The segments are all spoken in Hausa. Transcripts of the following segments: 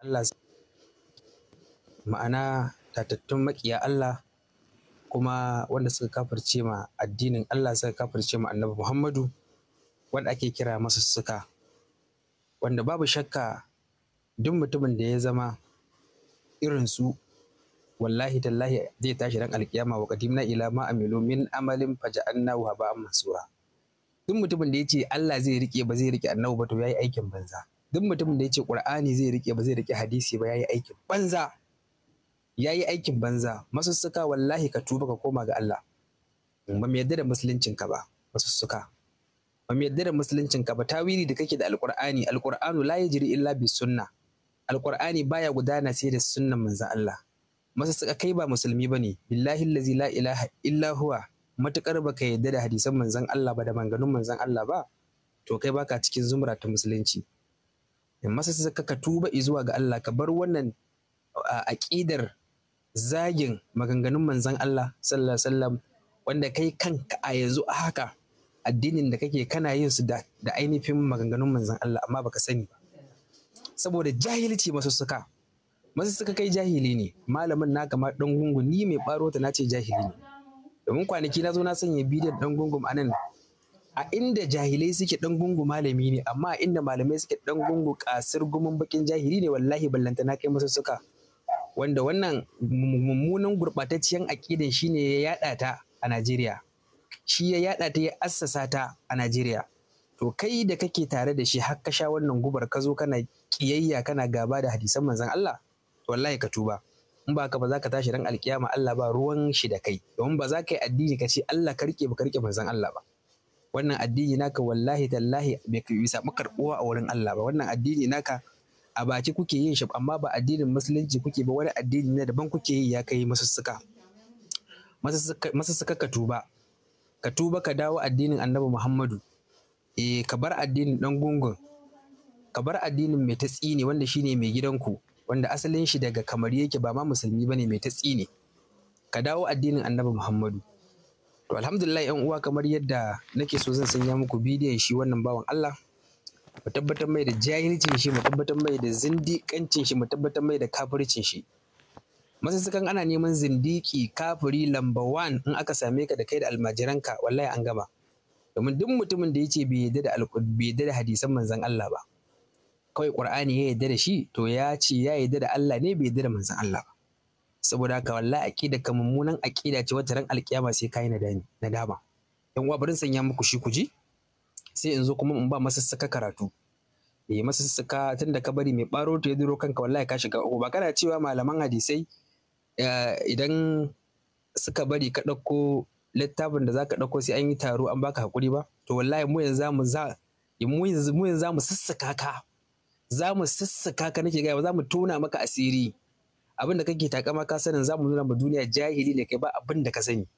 Allah ma'ana tatattun maƙiya Allah kuma wanda suka kafirce ma addinin Allah suka kafirce ma Annabi Muhammadu wanda ake kira suka. wanda babu shakka duk mutumin da ya zama irin su wallahi tallahi zai tashi ran alkiyama wa qadimna ila ma amilu min amalin faja'anna wa ba'an mansura duk mutumin da ya ce Allah zai rike ba zai rike annabi ba to yayi aikin banza duk mutumin da ya ce ƙur'ani zai riƙe ba zai riƙe hadisi ba yayi aikin banza yayi aikin banza masussuka wallahi ka tuba ka koma ga Allah ba mu yadda da musuluncin ka ba masussuka ba mu yadda da musuluncin ka ba tawili da kake da alqur'ani alqur'anu la yajri illa bi sunna alqur'ani baya gudana sai da sunnan manzon Allah masussuka kai ba musulmi bane billahi allazi la ilaha illa huwa matukar baka yadda da hadisan manzon Allah ba da manganun manzon Allah ba to kai baka cikin zumra ta musulunci in masa su ka tuba zuwa ga Allah ka bar wannan aƙidar zagin maganganun manzan Allah sallallahu alaihi wasallam wanda kai kanka a yanzu a haka addinin da kake kana yin su da ainihin maganganun manzan Allah amma baka sani ba saboda jahilci masu suka masu suka kai jahili ne malamin na kama dan gungun ni mai barota nace jahili ne domin kwanaki na zo na sanya bidiyon dan gungun anan a inda jahilai suke dan gungu malami ne amma a inda malamai suke dan gungu kasir gumin bakin jahili ne wallahi ballanta na kai masu suka wanda wannan mummunan gurɓatacciyar aƙidan shi ya yada ta a Najeriya shi ya yada ta ya assasa ta a Najeriya to kai da kake tare da shi har ka sha wannan gubar ka zo kana kiyayya kana gaba da hadisan manzon Allah wallahi ka tuba in ba ka ba za ka tashi ran alkiyama Allah ba ruwan shi da kai domin ba za ka yi addini ka ce Allah ka rike ba ka rike manzon Allah ba wannan addini naka wallahi tallahi bai samu karɓuwa a wurin Allah ba wannan addini naka a baki kuke yin shi amma ba addinin musulunci kuke ba wani addini na daban kuke yi ya kai masussuka masussuka ka tuba ka tuba ka dawo addinin annabi muhammadu eh ka bar addinin dan gungun ka bar addinin mai tatsi ne wanda shine mai gidanku wanda asalin shi daga kamar yake ba ma musulmi bane mai tatsi ne ka dawo addinin annabi muhammadu To alhamdulillah yan uwa kamar yadda nake so zan sanya muku bidiyon shi wannan bawan Allah mu tabbatar mai da jahilcin shi mu tabbatar mai da zindikancin shi mu tabbatar mai da kafircin shi masussukan ana neman zindiki kafiri lamba one in aka same ka da kai da almajiran ka, wallahi an gama domin duk mutumin da yace bai yarda da bai yarda da hadisan manzon Allah ba kawai qur'ani ya yarda da shi to ya ce ya yarda da Allah ne bai yarda da manzon Allah ba saboda haka wallahi aƙida ka mummunan aƙida ce wata ran alƙiyama sai kai nadami nadama yan uwa bari sanya muku shi kuji sai in zo kuma in ba masassaka karatu eh masassaka tunda ka bari mai baro to ya duro kanka wallahi ka shiga ba kana cewa malaman hadisai eh, idan suka bari ka ɗauko littafin da zaka ɗauko sai an yi taro an baka hakuri ba to wallahi mu yanzu zamu za mu yanzu mu yanzu zamu sassaka ka zamu sassaka ka nake gaya ba zamu tona maka asiri abin da kake takama ka sanin zamu nuna ma duniya jahili ne kai ba abin da ka sani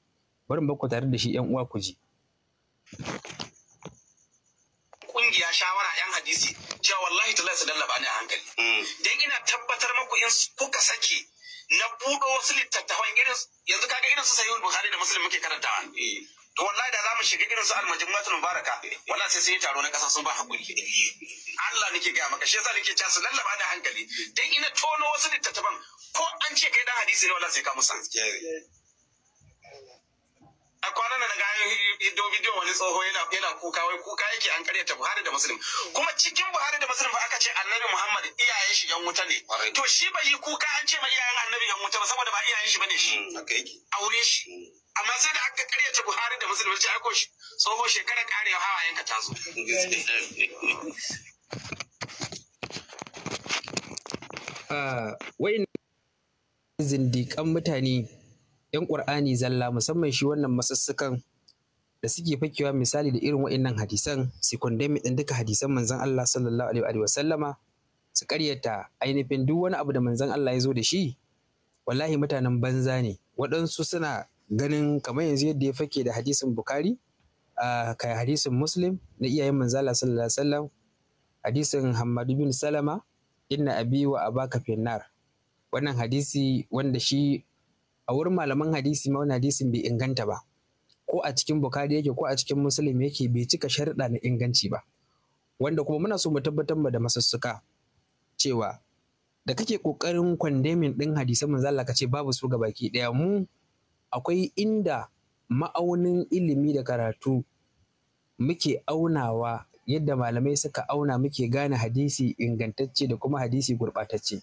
bari mu tare da shi yan uwa ku ji kungiya shawara yan hadisi cewa wallahi ta su dallaba ni a hankali hmm. dan ina tabbatar maku in kuka sake na buɗo wasu littattafan irin yanzu kaga irin su sayi bukhari da muslim muke karantawa hmm. to wallahi da zamu shiga irin su almajmuatul mubaraka wallahi sai sun yi taro na kasa sun ba hakuri hmm. Allah nake ga maka shi yasa nake cewa su lallaba da hankali dan ina tono wasu littattafan ko an ce kai dan hadisi ne wallahi sai ka musa a kwanan nan ga bidiyo bidiyo wani tsoho yana yana kuka wai kuka yake an karyata Buhari da Muslim kuma cikin Buhari da Muslim aka ce Annabi Muhammad iyayen shi yan wuta ne to shi bai yi kuka an ce mai iyayen Annabi yan wuta ba saboda ba iyayen shi bane shi mm, aure shi mm. amma sai da aka karyata Buhari da Muslim ce aka shi tsoho shekara karewa hawayen ka tazo Uh, ah, wait. zindikan mutane 'yan ƙur'ani zalla musamman shi wannan masussukan da suke fakewa misali da irin wa'innan hadisan su kundami ɗin duka hadisan manzan Allah sallallahu alaihi wa sallama su ƙaryata ainihin duk wani abu da manzan Allah ya zo da shi wallahi mutanen banza ne waɗansu suna ganin kamar yanzu yadda ya fake da hadisin Bukhari a kai hadisin Muslim na iyayen manzan Allah sallallahu alaihi wa sallam hadisin hammadu bin Salama inna abi wa abaka finnar wannan hadisi wanda shi a wurin malaman hadisi ma wannan hadisin bai inganta ba ko a cikin bukari yake ko a cikin musulmi yake bai cika sharuɗa na inganci ba wanda kuma muna so mu tabbatar da masussuka cewa da kake kokarin kwandemin ɗin hadisan manzo Allah ka ce babu su baki ɗaya mu akwai inda ma'aunin ilimi da karatu muke aunawa yadda malamai suka auna muke gane hadisi ingantacce da kuma hadisi gurɓatacce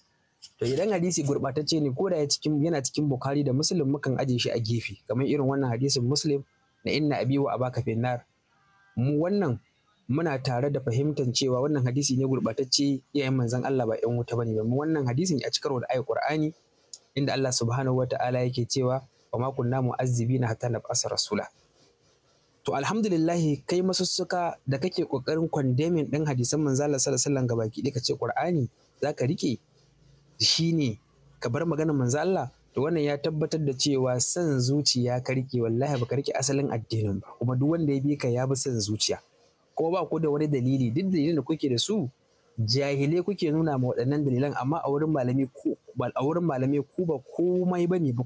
to idan hadisi gurɓatacce ne ko da yana cikin bukari da muslim mukan aje shi a gefe kamar irin wannan hadisin muslim na inna abi wa abaka finnar mu wannan muna tare da fahimtar cewa wannan hadisi ne gurɓatacce iyayen manzon Allah ba ƴan wuta bane mu wannan hadisin ya cikar karo da ayat Qur'ani inda Allah subhanahu wata'ala yake cewa wa ma kunna mu'azzibina hatta nab'asa rasula to alhamdulillahi, kai masussuka da kake kokarin condemning ɗan hadisan manzon Allah sallallahu alaihi wasallam gabaki ɗaya ka ce Qur'ani zaka rike shi ne ka bar maganar manzo Allah to wannan ya tabbatar da cewa san zuciya ka rike wallahi baka rike asalin addinin ba kuma duk wanda ya bi ka ya bi san zuciya kuma ba ku da wani dalili duk dalilin da kuke da su jahilai kuke nuna ma waɗannan dalilan amma a wurin malami ku a wurin malami ku ba komai ba ne ba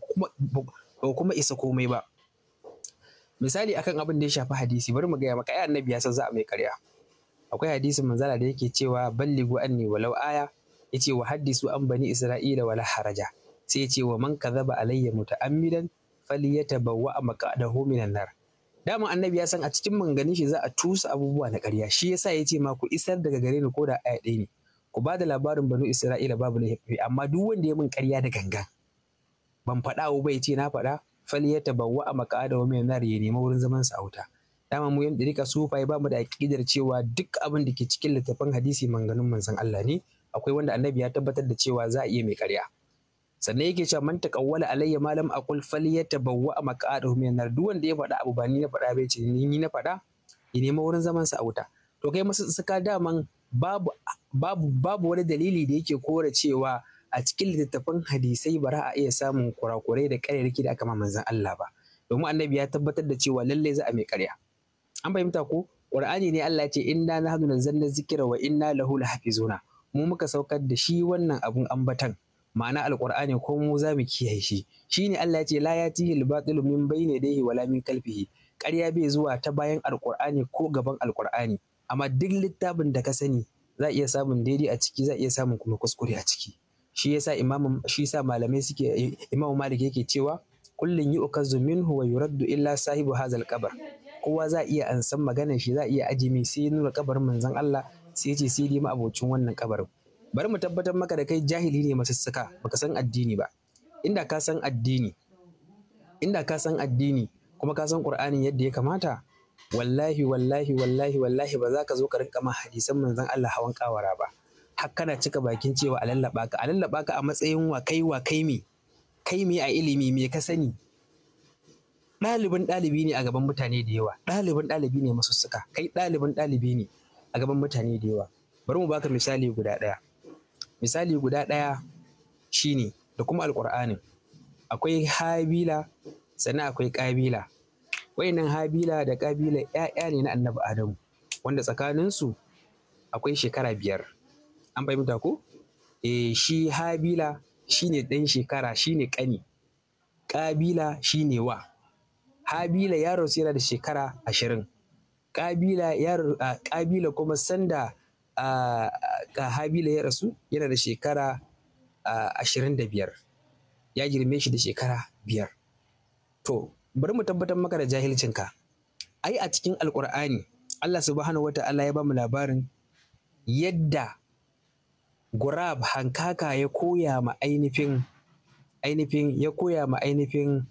kuma isa komai ba misali akan abin da ya shafi hadisi bari mu gaya maka ai annabi ya san za a mai karya akwai hadisin manzala da yake cewa balligu anni walau aya Ya ce wa haddisu an bani isra'ila wala haraja sai ya ce wa man zaba alayya muta'ammidan a maqadahu minan nar dama annabi ya san a cikin manganin shi za a tusa abubuwa na karya. shi yasa ce ma ku isar daga gare ni ko da aya ɗaya ne ku ba da labarin banu isra'ila babu laifi amma duk wanda ya min karya da gangan ban faɗa ba ce na faɗa Fali ya wa a maqadahu minan nar ya nema wurin zaman sa a dama mu rika sufa sufai ba mu da aƙidar cewa duk abin da ke cikin littafin hadisi manganun manzon Allah ne akwai wanda annabi ya tabbatar da cewa za a iya mai karya. sannan yake cewa man taqawwala alayya ma lam aqul falyatabawwa maq'adahu min nar duk wanda ya faɗa abu ba ni na faɗa bai ce ni na faɗa ya nema wurin zaman sa a wuta to kai masu suka daman babu babu babu wani dalili da yake kore cewa a cikin littattafan hadisai ba a iya samun kurakurai da ƙarerriki da aka ma manzon Allah ba domin annabi ya tabbatar da cewa lalle za a mai karya. an fahimta ko qur'ani ne Allah ya ce inna nahnu nazzalna zikra wa inna lahu lahafizuna mu muka saukar da shi wannan abun ambatan ma'ana alqur'ani ko mu za mu kiyaye shi shine Allah ya ce la yatihi al-batilu min bayni yadayhi wala min kalfihi ƙarya bai zuwa ta bayan alqur'ani ko gaban alqur'ani amma duk littafin da ka sani za iya samun daidai a ciki za iya samun kuma kuskure a ciki shi yasa imamu shi yasa malamai suke imamu malik yake cewa kullun yu'kazu minhu wa yuraddu illa sahibu hazal qabr kowa za iya ansan maganar shi za iya aji mai sai nuna kabarin manzon Allah sai ce sai dai ma'abocin wannan kabarin bari mu tabbatar maka da kai jahili ne masussuka baka san addini ba inda ka san addini inda ka san addini kuma ka san qur'anin yadda ya kamata wallahi wallahi wallahi wallahi ba za ka zo ka rinka ma hadisan manzon Allah hawan kawara ba har kana cika bakin cewa a lallaba ka a lallaba ka a matsayin wa kai wa kai me kai me a ilimi me ka sani ɗalibin ɗalibi ne a gaban mutane da yawa ɗalibin ɗalibi ne masussuka kai ɗalibin ɗalibi ne a gaban mutane da yawa bari mu baka misali guda ɗaya misali guda ɗaya shine da kuma alƙur'anin akwai habila sannan akwai ƙabila wayannan habila da ƙabila ‘ya'ya ne na annabi adamu wanda tsakaninsu akwai shekara biyar an fahimta ko eh shi habila shine ɗan shekara shine ƙani ƙabila shine wa habila yaro sai da shekara ashirin ƙabila ya ƙabila kuma sanda ga habila ya rasu yana da shekara ashirin da biyar ya girme shi da shekara biyar to bari mu tabbatar maka da jahilcinka ai a cikin alkur'ani Allah subhanahu wata'ala ya ba mu labarin yadda gurab hankaka ya koya ma ainifin ainifin ya koya ma ainihin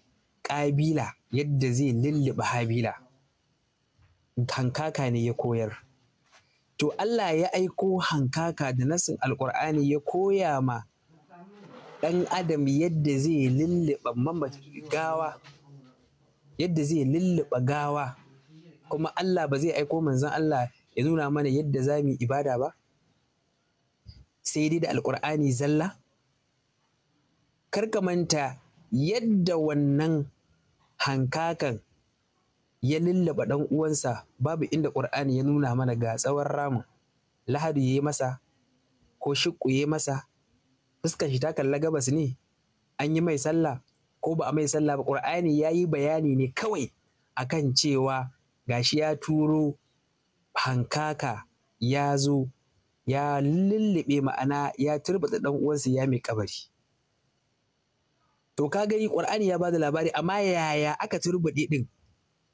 ƙabila yadda zai lulluɓe habila hankaka ne ya koyar to Allah ya aiko hankaka da nasin alkur'ani ya koya ma ɗan adam yadda zai lulluɓa gawa yadda zai lulluɓa gawa kuma Allah ba zai aiko manzon Allah ya nuna mana yadda za mu ibada ba sai dai da alkur'ani zalla karka manta yadda wannan hankakan ya lullaba ɗan uwansa babu inda ƙur'ani ya nuna mana ga tsawon ramin lahadu ya yi masa ko shiƙu ya yi masa fuskar shi ta kalla gabas ne an yi mai sallah ko ba a mai sallah ba ƙur'ani ya yi bayani ne kawai akan cewa gashi ya turo hankaka ya zo ya lullube ma'ana ya turbata ɗan uwansa ya mai kabari to ka gani ƙur'ani ya ba da labari amma yaya aka turbaɗe ɗin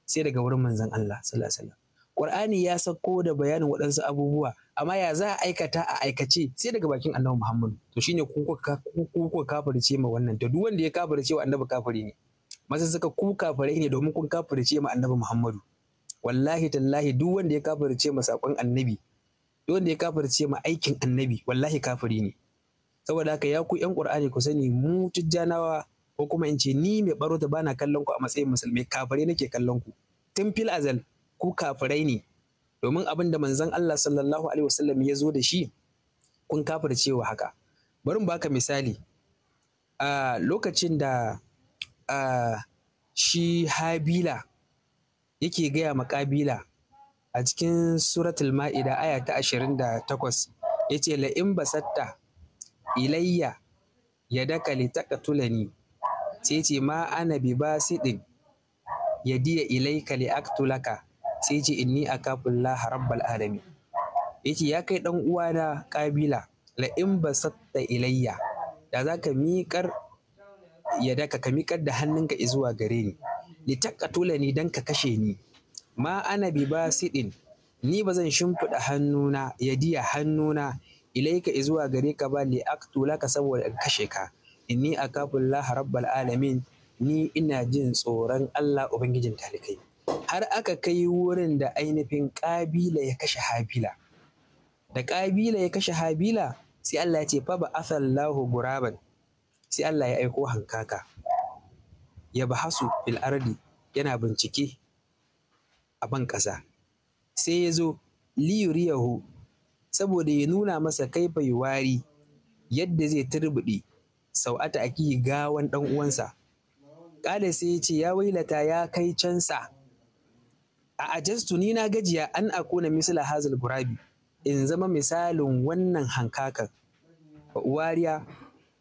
sai daga wurin manzan Allah sallallahu alaihi wasallam Qur'ani ya sako da bayanin waɗansu abubuwa amma ya za a aikata a aikace sai daga bakin Annabi Muhammadu to shine ku ku kafirce ma wannan to duk wanda ya kafirce wa Annabi kafiri ne masa suka ku kafirai ne domin kun kafirce ma Annabi Muhammadu wallahi tallahi duk wanda ya kafirce ma sakon Annabi duk wanda ya kafirce ma aikin Annabi wallahi kafiri ne saboda haka ya ku yan Qur'ani ku sani mu tijjanawa ko kuma in ce ni mai barota bana kallon ku a matsayin musulmai kafirai nake kallon ku tun fil azal ku kafirai ne domin abin da manzon Allah sallallahu alaihi wasallam ya zo da shi kun cewa haka bari baka misali a lokacin da shi habila yake gaya ma kabila a cikin suratul ma'ida aya ta 28 yace la in basatta ilayya yadaka tulani. sai ce ma ana bi ya diya ilaika kale aktulaka sai ce inni a kafin laharar bal'adami. ya kai dan uwana kabila la in satta ilayya da ka miƙar ya daka ka miƙar da hannunka izuwa gare ni li taqatula ni dan ka kashe ni ma ana bi ni ba zan shimfiɗa hannuna yadiya hannuna ilaika izuwa gare ka ba li aktulaka saboda in kashe ka inni a kafin rabbal alamin ni ina jin tsoron Allah ubangijin talikai har aka kai wurin da ainihin ƙabila ya kashe habila da ƙabila ya kashe habila sai Allah ya ce fa ba'athallahu guraban sai Allah ya aiko hankaka ya bahasu fil ardi yana bincike a ban ƙasa sai ya zo liyuriyahu saboda ya nuna masa kaifa yuwari yadda zai turbuɗe sau'ata akihi gawan ɗan uwansa ƙala sai ya ce ya wailata ya kai cansa a ajastu ni na gajiya an akuna misla hazal gurabi in zama misalin wannan hankakan wariya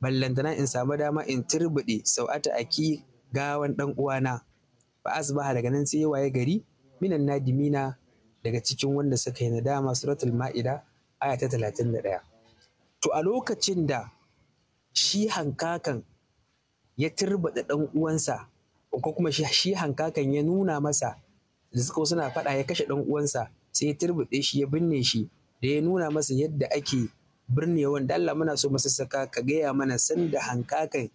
ballantana in samu dama in turbuɗe sau'ata aki gawan ɗan uwana ba asbaha daga nan sai waye gari minan nadimina daga cikin wanda suka yi nadama suratul ma'ida aya ta ɗaya. to a lokacin da shi hankakan ya turbaɗa ɗan uwansa ko kuma shi hankakan ya nuna masa da suka suna faɗa ya kashe ɗan uwansa sai ya turbuɗe shi ya binne shi da ya nuna masa yadda ake birnewan da Allah muna so masassaka ka gaya mana sanda hankakan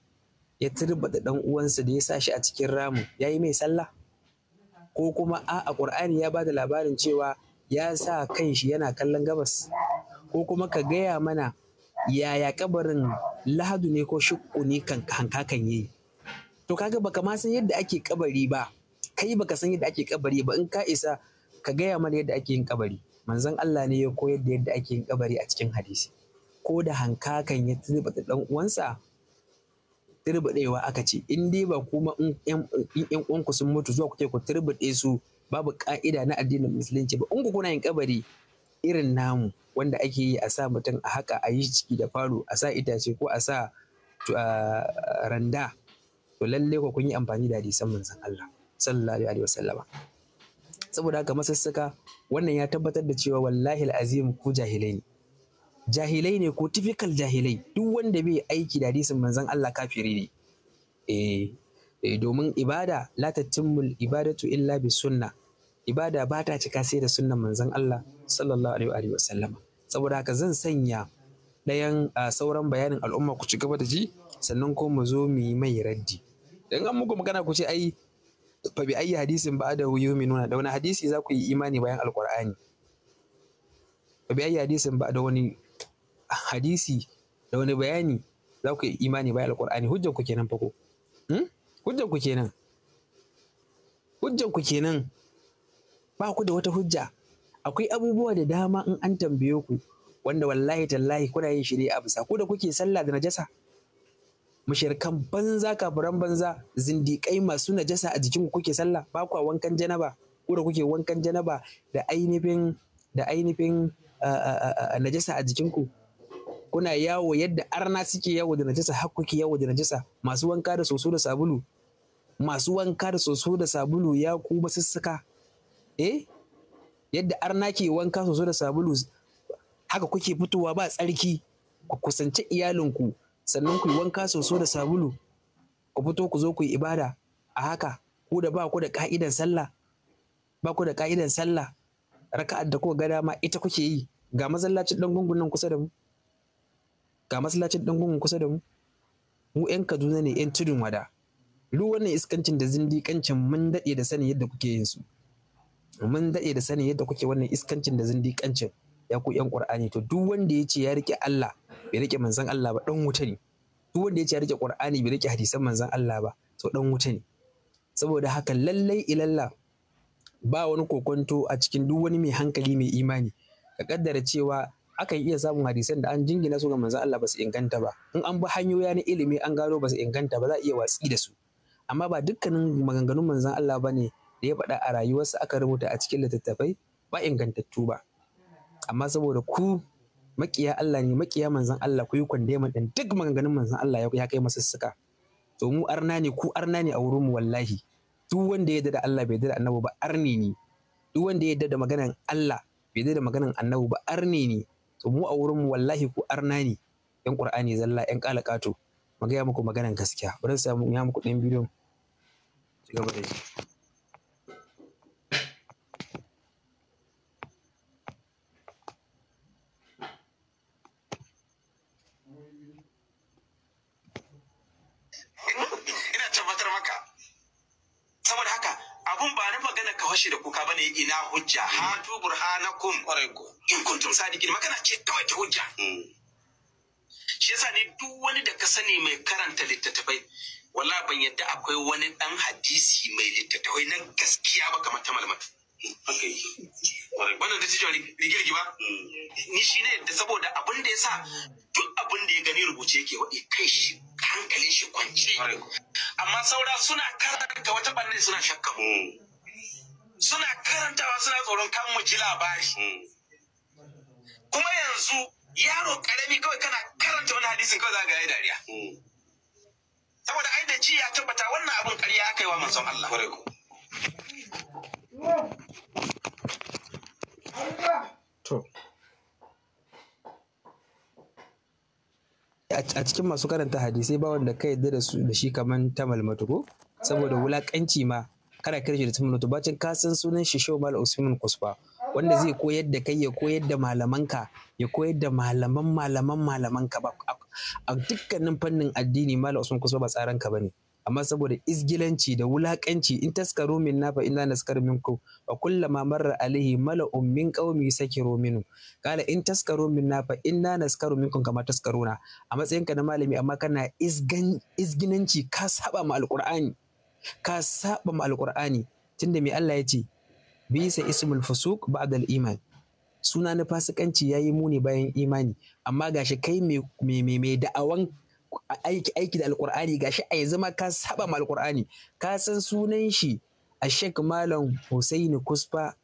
ya turbaɗa ɗan uwansa da ya sa shi a cikin ramu ya yi mai sallah ko kuma a ƙur'ani ya bada labarin cewa ya sa kan shi yana kallon gabas ko kuma ka gaya mana yaya kabarin lahadu ne ko shukku ne kan hanka kan yi to kaga baka ma san yadda ake kabari ba kai baka san yadda ake kabari ba in ka isa ka gaya mana yadda ake yin kabari manzon Allah ne ya koyar da yadda ake yin kabari a cikin hadisi ko da hankakan ya turbata dan uwansa tirbadewa aka ce in dai ba kuma in yan uwanku sun mutu zuwa kuke ku tirbade su babu ka'ida na addinin musulunci ba in ku kuna yin kabari irin namu wanda ake yi a sa mutum a haka a yi ciki da falo a sa itace ko a sa randa to lalle ko kun yi amfani da hadisan manzon Allah sallallahu alaihi wasallama saboda haka masassaka wannan ya tabbatar da cewa wallahi azim ku jahilai ne jahilai ne ko typical jahilai duk wanda bai aiki da hadisin manzon Allah kafiri ne eh, eh domin ibada la tatimmul ibadatu illa bi sunna ibada bata cika sai da sunnan manzon Allah sallallahu alaihi wa sallama saboda haka zan sanya ɗayan ah, sauran bayanin al'umma ku ci gaba da ji sannan ko mu zo mu yi mai raddi dan an muku magana ku ce ai fa bi ayi hadisin ba da nuna, da wani hadisi za ku yi imani bayan alqur'ani fa bi ayi hadisin ba da wani hadisi da wani bayani za ku yi imani bayan alqur'ani hujjar ku kenan fa ko hmm? hujjar ku kenan hujjar ku kenan ba ku da wata hujja akwai abubuwa da dama in an tambaye ku wanda wallahi tallahi kuna yin shi ne a bisa ko da kuke sallah da najasa mushirkan banza kafiran banza zindikai masu najasa a jikinku kuke sallah ba kwa wankan janaba ko da kuke wankan janaba da ainihin da ainihin najasa a jikinku kuna yawo yadda arna suke yawo da najasa har kuke yawo da najasa masu wanka da soso da sabulu masu wanka da soso da sabulu ya ku masussuka eh yadda arna ke wanka soso da sabulu haka kuke fitowa ba tsarki ku kusance iyalinku sannan ku yi wanka soso da sabulu ku fito ku zo ku yi ibada a haka ku da ba ku da ka'idan sallah ba ku da ka'idan sallah raka'ar da kuka gada ma ita kuke yi ga masallacin dan gungun nan kusa da mu ga masallacin dan gungun kusa da mu mu yan Kaduna ne yan tudun wada ruwan wannan iskancin da zindikancin mun daɗe da sanin yadda kuke yin su mun daɗe da sanin yadda kuke wannan iskancin da zindiƙancin ya ku yan qur'ani to duk wanda ya ce ya rike Allah bai rike manzon Allah ba ɗan wuta ne duk wanda ya ce ya rike qur'ani bai rike hadisan manzan Allah ba to ɗan wuta ne saboda haka lallai ilalla ba wani kokonto a cikin duk wani mai hankali mai imani ka kaddara cewa akan iya samun hadisan da an jingina su ga manzon Allah ba su inganta ba in an bi hanyoyi na ilimi an gano ba su inganta ba za a iya watsi da su amma ba dukkanin maganganun manzon Allah ba ne da ya faɗa a rayuwarsa aka rubuta a cikin littattafai ba ingantattu ba amma saboda ku makiya Allah ne makiya manzon Allah ku yi kwandeman din duk maganganun manzon Allah ya kai masussuka to mu arna ne ku arna ne a wurin mu wallahi duk wanda ya yarda da Allah bai yarda da annabi ba arni ne duk wanda ya yarda da maganan Allah bai yarda da maganan annabi ba arni ne to mu a wurin mu wallahi ku arna ne yan qur'ani zalla yan kalakato magaya muku maganan gaskiya bari mu ya muku ɗan bidiyo ci gaba da shi fashe da kuka bane ina hujja mm. hatu burhanakum in kuntum sadiqin magana ce kawai ta hujja mm. shi yasa ne duk wani da ka sani mai karanta littattafai wala ban yadda akwai wani dan hadisi mai littattafai na gaskiya ba kamar ta malaman wannan da cikin rigirgi ba mm. ni shi ne yadda saboda abin da ya sa duk abin da ya gani rubuce yake wa kai shi hankalin shi kwance amma saura suna karanta wata bannin suna shakka suna karantawa suna tsoron kan mu ji labari hmm. kuma yanzu yaro karami kawai kana karanta wani hadisin kawai za ga dariya hmm. saboda ai da ji ya tabbata wannan abun ƙarya aka yi wa manzon Allah a cikin masu karanta hadisai ba wanda ka yarda da su da shi kaman ta malmatu ko saboda wulakanci ma kana kirji da Usman to bacin ka san sunan shi shau Mal Usman Kusfa wanda zai koyar da kai ya koyar da malamanka ya koyar da malaman malaman malamanka ba a dukkanin fannin addini Mal Usman Kusfa ba tsaran ka bane amma saboda izgilanci da wulakanci in taskaro min na fa inna naskar minku wa kullama marra alaihi mala'un min qaumi sakiru minu kala in taskaro min na fa inna naskaru minkum kama taskaruna a matsayinka na malami amma kana izgan izginanci ka saba ma alqur'ani ka saba ma alkur'ani tunda mai Allah ya ce bisa ismul fusuq al iman suna na fasikanci yayi muni bayan imani amma gashi kai mai mai da'awan aiki aiki da alkur'ani gashi a yanzu ma ka saba ma alkur'ani ka san sunan shi a Sheikh Malam Hussaini Kusfa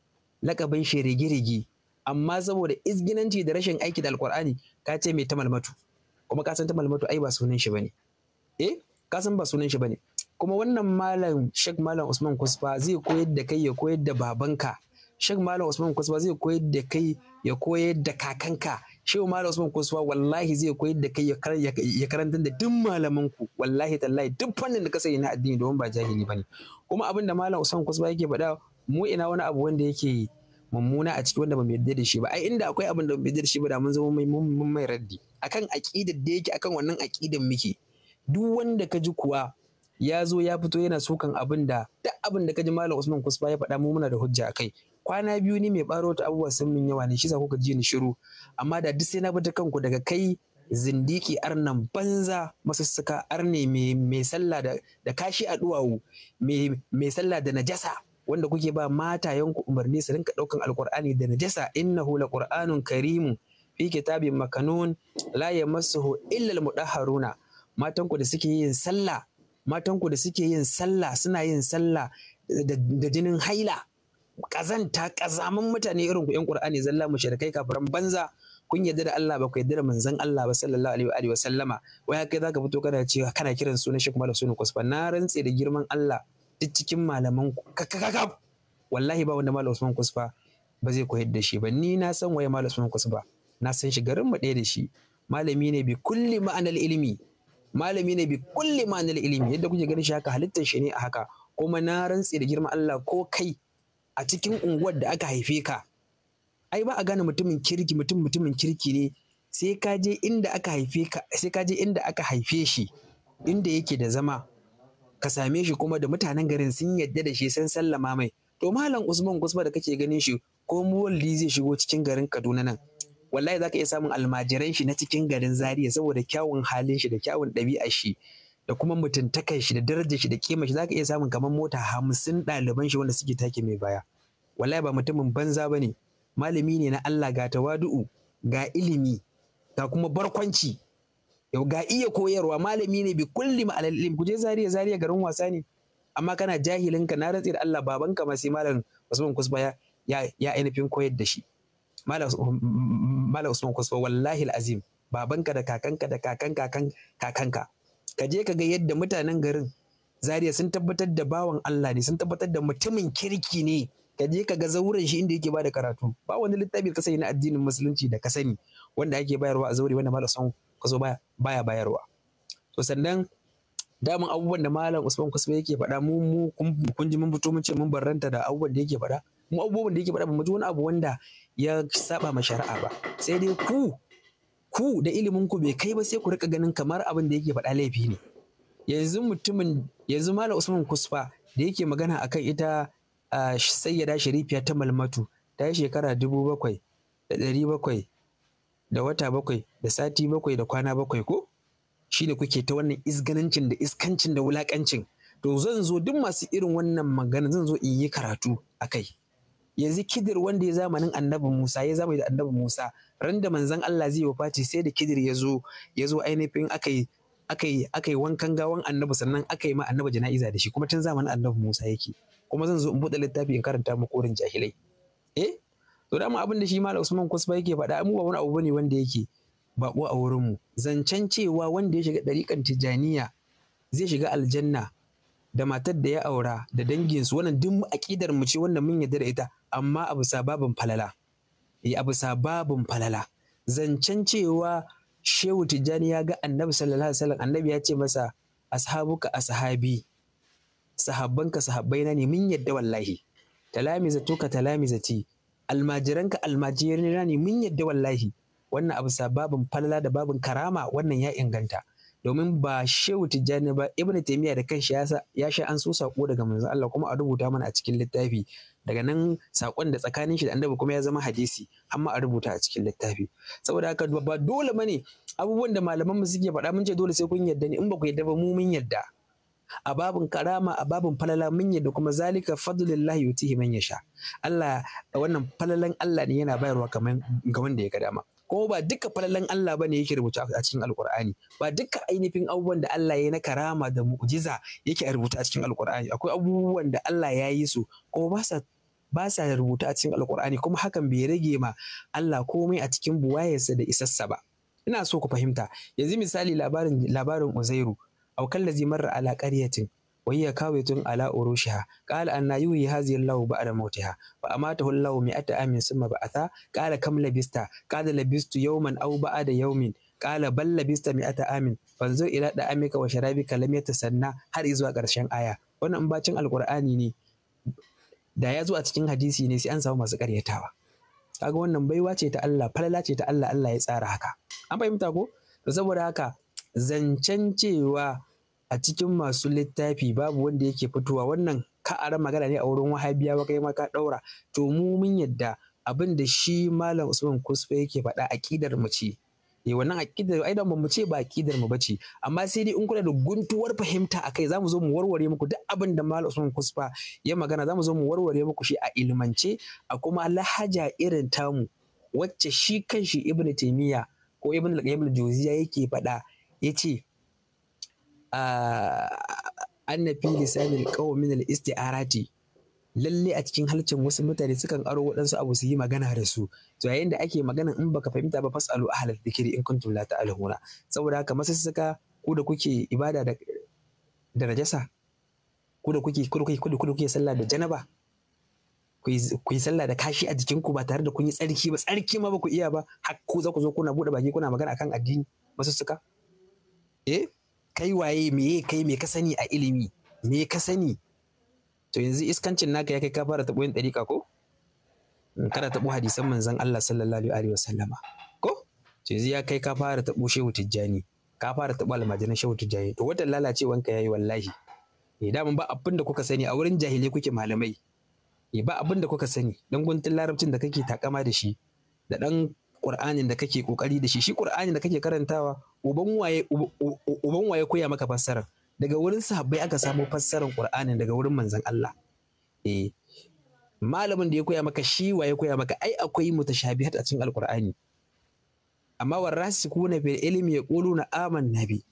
lakabin shi rigirigi. amma saboda izginanci da rashin aiki da alkur'ani ka ce mai tamalmatu kuma ka san tamalmatu ai ba sunan shi bane eh ka san ba sunan shi bane kuma wannan malam Sheikh Malam Usman Kusfa zai koyar da kai ya koyar da babanka Sheikh Malam Usman Kusfa zai koyar da kai ya koyar da kakanka Shehu Malam Usman Kusfa wallahi zai koyar da kai ya karanta da duk malamanku wallahi tallahi duk fannin da ka sani na addini domin ba jahili bane kuma abin da Malam Usman Kusfa yake faɗa mu ina wani abu wanda yake mummuna a ciki wanda ba mu yarda da shi ba ai inda akwai abin da mu yarda da shi ba da mun zama mai mun mai raddi akan aqidar da yake akan wannan aqidar muke duk wanda ka ji kuwa ya zo ya fito yana sukan abin da duk abin da kaji malam Usman Kusba ya faɗa mu muna da hujja kai kwana biyu ne mai baro ta abubuwa sun min yawa ne shi kuka ji ni shiru amma da duk sai na bata kanku daga kai zindiki arnan banza masussuka arne mai sallah da kashi a duwawu mai sallah da najasa wanda kuke ba mata yanku umarni su rinka ɗaukan alkur'ani da najasa innahu laqur'anun karimu fi kitabin makanun la yamassuhu illa almudahharuna matanku da suke yin sallah matanku da suke yin sallah suna yin sallah da jinin haila ƙazanta ƙazaman mutane irin ku 'yan ƙur'ani zalla kai kafiran banza kun yadda da Allah ba ku yadda da manzon Allah ba sallallahu alaihi wa sallama wai kai zaka fito kana cewa kana kiran sunan shi kuma da sunan kusfa na rantse da girman Allah duk cikin malaman ku wallahi ba wanda malam Usman kusfa ba zai koyar da shi ba ni na san waye malam Usman kusfa na san shi garin mu ɗaya da shi malami ne bi kulli ma'anar ilimi malami ne bi kulli manil ilimi yadda kuke ganin shi haka halittar shi ne a haka kuma na rantse da girma Allah ko kai a cikin unguwar da aka haife ka ai ba a gane mutumin kirki mutum mutumin kirki ne sai ka je inda aka haife ka sai ka je inda aka haife shi inda yake da zama ka same shi kuma da mutanen garin sun yadda da shi sun sallama mai to malam usman Gusma da kake ganin shi ko muwalli zai shigo cikin garin kaduna nan wallahi zaka iya samun almajiran shi na cikin garin Zaria saboda kyawun halin shi da kyawun ɗabi'a shi da kuma mutuntakar shi da darajar shi da kima shi zaka iya samun kamar mota hamsin ɗaliban shi wanda suke take mai baya wallahi ba mutumin banza bane malami ne na Allah ga tawadu'u ga ilimi ga kuma barkwanci yau ga iya koyarwa malami ne bi kulli ma alalim kuje Zaria Zaria garin wasa ne amma kana jahilinka na rantsi da Allah babanka ma sai malam Usman Kusba ya ya ainihin koyar da shi malam usman Kwasfa wallahi al'azim. babanka da kakanka da kakan kakan kakanka ka je ka ga yadda mutanen garin zaria sun tabbatar da bawan Allah ne sun tabbatar da mutumin kirki ne ka je ka ga zauren shi inda yake bada karatu ba wani littafi ka sani na addinin musulunci da ka sani wanda ake bayarwa a zaure wanda malam usman kusfa baya bayarwa to sannan damun abubuwan da malam usman kusma yake faɗa mu mu kun ji mun fito mun ce mun barranta da abubuwan da yake faɗa mu abubuwan da yake faɗa ba mu ji wani abu wanda ya saba ma shari'a ba sai dai ku ku da ilimin ku bai kai ba sai ku rika ganin kamar abin da yake faɗa laifi ne yanzu mutumin yanzu malam usman kusfa da yake magana akan ita sayyada sharifiya ta malmatu ta yi shekara dubu bakwai da ɗari bakwai da wata bakwai da sati bakwai da kwana bakwai ko shi ne kuke ta wannan isganancin da iskancin da wulakancin to zan zo duk masu irin wannan magana zan zo in yi karatu a kai yanzu kidir wanda ya zamanin annabi Musa ya zama da annabi Musa Randa manzon Allah zai wafaci sai da kidir ya zo ya zo ainihin aka yi aka wankan gawan annabi sannan aka yi ma annabi jana'iza da shi kuma tun zamanin annabi Musa yake kuma zan zo in buɗe littafi in karanta mu korin jahilai eh to da mu abin da shi malam Usman Kusba yake faɗa mu ba wani abu bane wanda yake bako a wurin mu zancen cewa wanda ya shiga ɗariƙan Tijjaniya zai shiga aljanna da matar da ya aura da danginsu wannan duk aƙidar mu ce wannan mun yarda da ita amma abu sababin falala eh abu sababin falala zancen cewa shehu tijjani ya ga annabi sallallahu alaihi wasallam annabi ya ce masa ashabuka ashabi sahabbanka na ne mun yarda wallahi talamizatuka talamizati almajiranka na ne mun yarda wallahi wannan abu sababin falala da babin karama wannan ya inganta domin ba shehu tijjani ba ibnu taimiyya da kanshi ya sha an so sako daga manzon Allah kuma a rubuta mana a cikin littafi daga nan sakon da tsakanin shi da annabi kuma ya zama hadisi amma a rubuta a cikin littafi saboda haka ba dole bane abubuwan da malaman mu suke faɗa mun ce dole sai kun yarda ne in ba ku yarda ba mu mun yarda a babin karama a babin falala mun yadda kuma zalika fadlullahi yutihi man yasha Allah wannan falalan Allah ne yana bayarwa kaman ga wanda ya ga dama ko ba duka falalan Allah bane yake rubuta a cikin alkur'ani ba duka ainihin abubuwan da Allah ya na karama da mu'jiza yake a rubuta a cikin alkur'ani akwai abubuwan da Allah ya yi su ko ba sa ba sa rubuta a cikin alkur'ani kuma hakan bai rage ma Allah komai a cikin buwayarsa da isassa ba ina so ku fahimta yanzu misali labarin labarin Uzairu aw kallazi marra ala qaryatin وهي كاوية على أروشها قال أن يوهي هذه الله بعد موتها فأماته الله مئة عام ثم بعثه قال كم لبست قال لبست يوما أو بعد يوم قال بل لبست مئة عام فانزو إلى دعامك وشرابك لم يتسنى هل إزواء قرشان آية وانا مباشن القرآن ne da ya zo a cikin hadisi ne sai an samu masu karyatawa kaga wannan baiwa ce ta Allah falala ce ta Allah Allah ya tsara haka an fahimta ko to saboda haka zancen cewa a cikin masu littafi babu wanda yake fitowa wannan ka'ara magana ne a wurin wahabiyawa kai ma ka ɗaura to mu mun yadda abin da shi malam usman kusfa yake faɗa aƙidar mu ce eh wannan aƙidar aidan ba mu ce ba aƙidar mu bace amma sai dai in kula da guntuwar fahimta akai zamu zo mu warware muku duk abin da malam usman kusfa ya magana zamu zo mu warware muku shi a ilmance a kuma lahaja irin tamu wacce shi kanshi ibnu taymiya ko ibnu al-qayyim al yake faɗa yace anna fi lisanil qawmin al lalle a cikin halcin wasu mutane sukan aro waɗansu abu su yi magana da su to yayin da ake magana in baka fahimta ba fasalu ahlal dhikri in kuntum la ta'lamuna saboda haka masussuka ku da kuke ibada da da najasa ku da kuke ku da kuke kuke sallah da janaba ku yi sallah da kashi a jikinku ba tare da kun yi tsarki ba tsarki ma ba ku iya ba har ku za ku zo kuna buɗe baki kuna magana akan addini masussuka eh kai waye me kai me ka sani a ilimi me ka sani to yanzu iskancin naka ya kai ka fara tabo yin ɗariƙa ko kana tabo hadisan manzon Allah sallallahu alaihi wasallama ko to yanzu ya kai ka fara taɓo shehu tijjani ka fara taɓo almajiran shehu tijjani to watan lalacewanka yayi wallahi eh daman ba abin da kuka sani a wurin jahilai kuke malamai eh ba abin da kuka sani dan guntun larabcin da kake takama da shi da dan ƙur'anin da kake ƙoƙari da shi shi ƙur'anin da kake karantawa uban waye uban waye koya maka fassara daga wurin sahabbai aka samo fassarar ƙur'anin daga wurin manzon Allah eh malamin da ya koya maka shi waye koya maka ai akwai mutashabihat a cikin alqur'ani amma warasikuna fil ilmi yaquluna amanna bi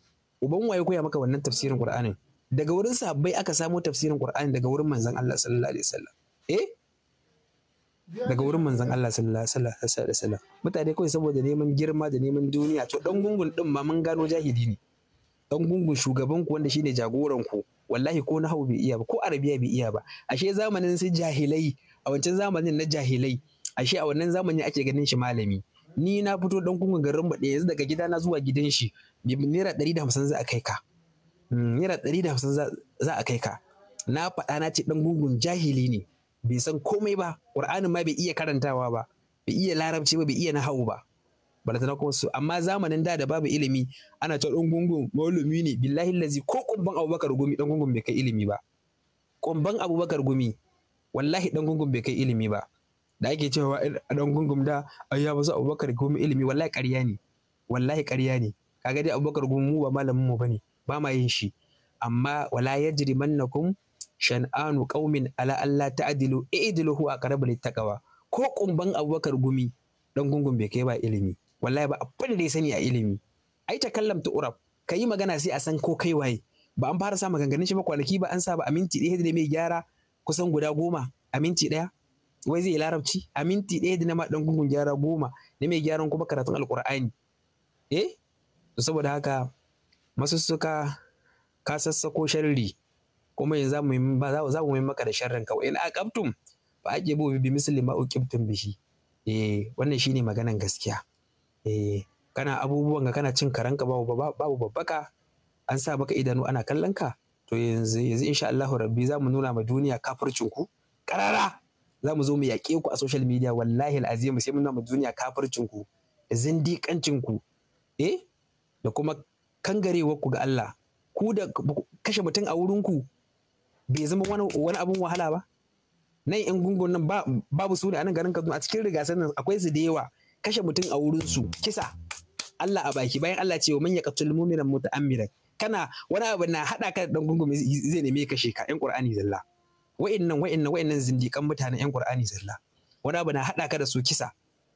uban waye koya maka wannan tafsirin ƙur'anin daga wurin sahabbai aka samo tafsirin ƙur'ani daga wurin manzon Allah sallallahu alaihi wasallam eh daga wurin manzon Allah sallallahu alaihi wasallam mutane kawai saboda neman girma da neman duniya to dan gungun din ma mun gano jahili ne dan gungun shugaban ku wanda shine jagoran ku wallahi ko na hau bai iya ba ko arabiya bai iya ba ashe zamanin su jahilai a wancan zamanin na jahilai ashe a wannan zamanin ake ganin shi malami ni na fito dan gungun garin baɗe yanzu daga gidana zuwa gidan shi naira ɗari da hamsin za a kai ka hmm, naira ɗari za a kai ka na faɗa na ce dan gungun jahili ne bai san komai ba ƙur'anin ma bai iya karantawa ba bai iya larabci ba bai iya nahawu ba barazana kuma su amma zamanin da da babu ilimi ana ta ɗan gungun malumi ne billahi lazi ko kumban abubakar gumi ɗan gungun bai kai ilimi ba kumban abubakar gumi wallahi ɗan gungun bai kai ilimi ba da ake cewa ɗan gungun da ayya ba su abubakar gumi ilimi wallahi ƙarya ne wallahi ƙarya ne kaga dai abubakar gumi mu ba malamin mu bane ba ma yin shi amma wala yajrimannakum shan'anu ƙaumin, ala Allah ta'dilu i'dilu huwa aqrabu littaqwa ko kumban Abubakar gumi dan gungun bai kai ba ilimi wallahi ba abin da ya sani a ilimi ai ta kallamta urab ka yi magana sai a san ko kai waye ba an fara sa maganganun shi ba kwanaki ba an sa ba a minti ɗaya da mai gyara kusan guda goma a ɗaya wai zai larabci a ɗaya da na ɗan gungun gyara goma na mai gyaran kuma karatun alƙur'ani eh saboda haka masussuka ka sassako sharri kuma yanzu mu yi za mu yi maka da sharrin ka in aqabtum fa aqibu bi misli ma uqibtum bihi eh wannan shine maganan gaskiya eh kana abubuwan ka kana cin karanka babu babu babbaka an sa maka idanu ana kallon ka to yanzu yanzu insha Allah rabbi za mu nuna ma duniya kafircin ku karara za mu zo mu yaƙe ku a social media wallahi al'azim sai mun nuna ma duniya kafircin ku da zindiƙancin ku eh da kuma kangarewar ku ga Allah ku da kashe mutum a wurin ku bai zama wani abin wahala ba nan yan gungun nan babu su ne a nan garin kaduna a cikin rigasar nan akwai su da yawa kashe mutum a wurin su kisa Allah a baki bayan Allah ce wa man yaqtul mu'mina muta'ammidan kana wani abu na hada ka dan gungun zai neme kashe ka yan qur'ani zalla wa'annan wa'annan wa'annan zindikan mutanen yan qur'ani zalla wani abu na hada ka da su kisa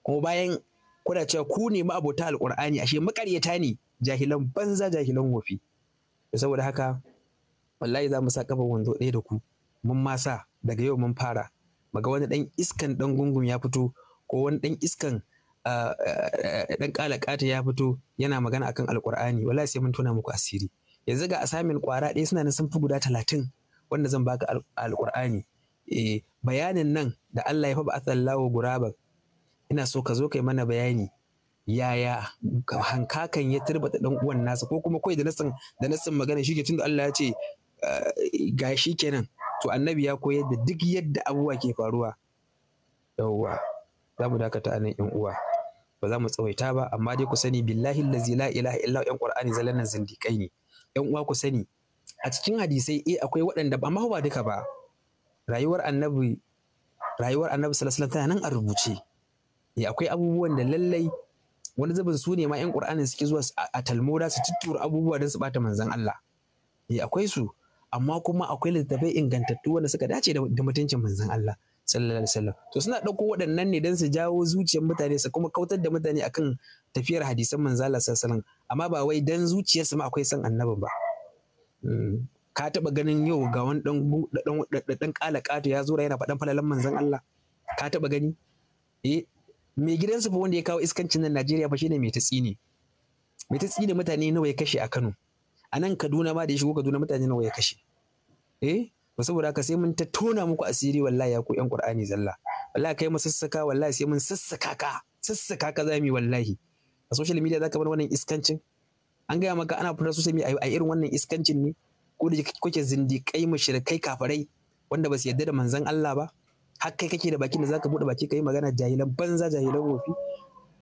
kuma bayan kuna cewa ku ne ma'abota alqur'ani ashe makaryata ne jahilan banza jahilan wofi saboda haka wallahi za mu sa kafa wando ɗaya da ku mun ma sa daga yau mun fara maga wani ɗan iskan ɗan gungun ya fito ko wani ɗan iskan ah, eh, ɗan ƙata ya fito yana magana akan alƙur'ani wallahi sai mun tona muku asiri yanzu ga asamin ƙwara ɗaya suna nan sun fi guda talatin wanda zan baka alƙur'ani eh, bayanin nan da Allah ya fa ba'athallahu guraban ina so ka zo kai mana bayani yaya hankakan ya turbata dan uwan nasa ko kuma kai da nasan da nasan magana shi ke tunda Allah ya ce gashi kenan to annabi ya koyar da duk yadda abubuwa ke faruwa yawwa za mu dakata anan yan uwa ba za mu tsawaita ba amma dai ku sani billahi allazi la ilaha illa yan qur'ani zalanna zindikai ne yan uwa ku sani a cikin hadisai eh akwai waɗanda ba ma ba duka ba rayuwar annabi rayuwar annabi sallallahu alaihi wasallam nan a rubuce eh akwai abubuwan da lallai wani zubin su ne ma yan qur'anin suke zuwa a talmuda su tuttura abubuwa don su bata manzon Allah eh akwai su amma kuma akwai littattafai ingantattu wanda suka dace da mutuncin manzon Allah sallallahu alaihi wasallam to suna ɗauko waɗannan ne don su jawo zuciyar mutane su kuma kautar da mutane akan tafiyar hadisan manzon Allah sallallahu alaihi wasallam amma ba wai dan su ma akwai son annabi ba hmm. ka taɓa ganin yau ga wani ɗan ƙato ya zura yana faɗan falalan manzon Allah ka taɓa gani eh mai gidansu fa wanda ya kawo iskancin nan Najeriya fa shine mai tatsi ne mai tatsi da mutane nawa ya kashe a Kano a nan kaduna ma da ya shigo kaduna mutane nawa ya kashe eh ba saboda haka sai mun ta tona muku asiri wallahi ya ku yan qur'ani zalla wallahi kai mu sassaka wallahi sai mun sassaka ka sassaka ka zami wallahi a social media zaka bar wannan iskancin an gaya maka ana fitar social media a irin wannan iskancin ne ko da kuke zindikai mushrikai kafirai wanda ba su yarda da manzon Allah ba har kai kake da bakin da zaka bude baki kai magana jahilan banza jahilan wofi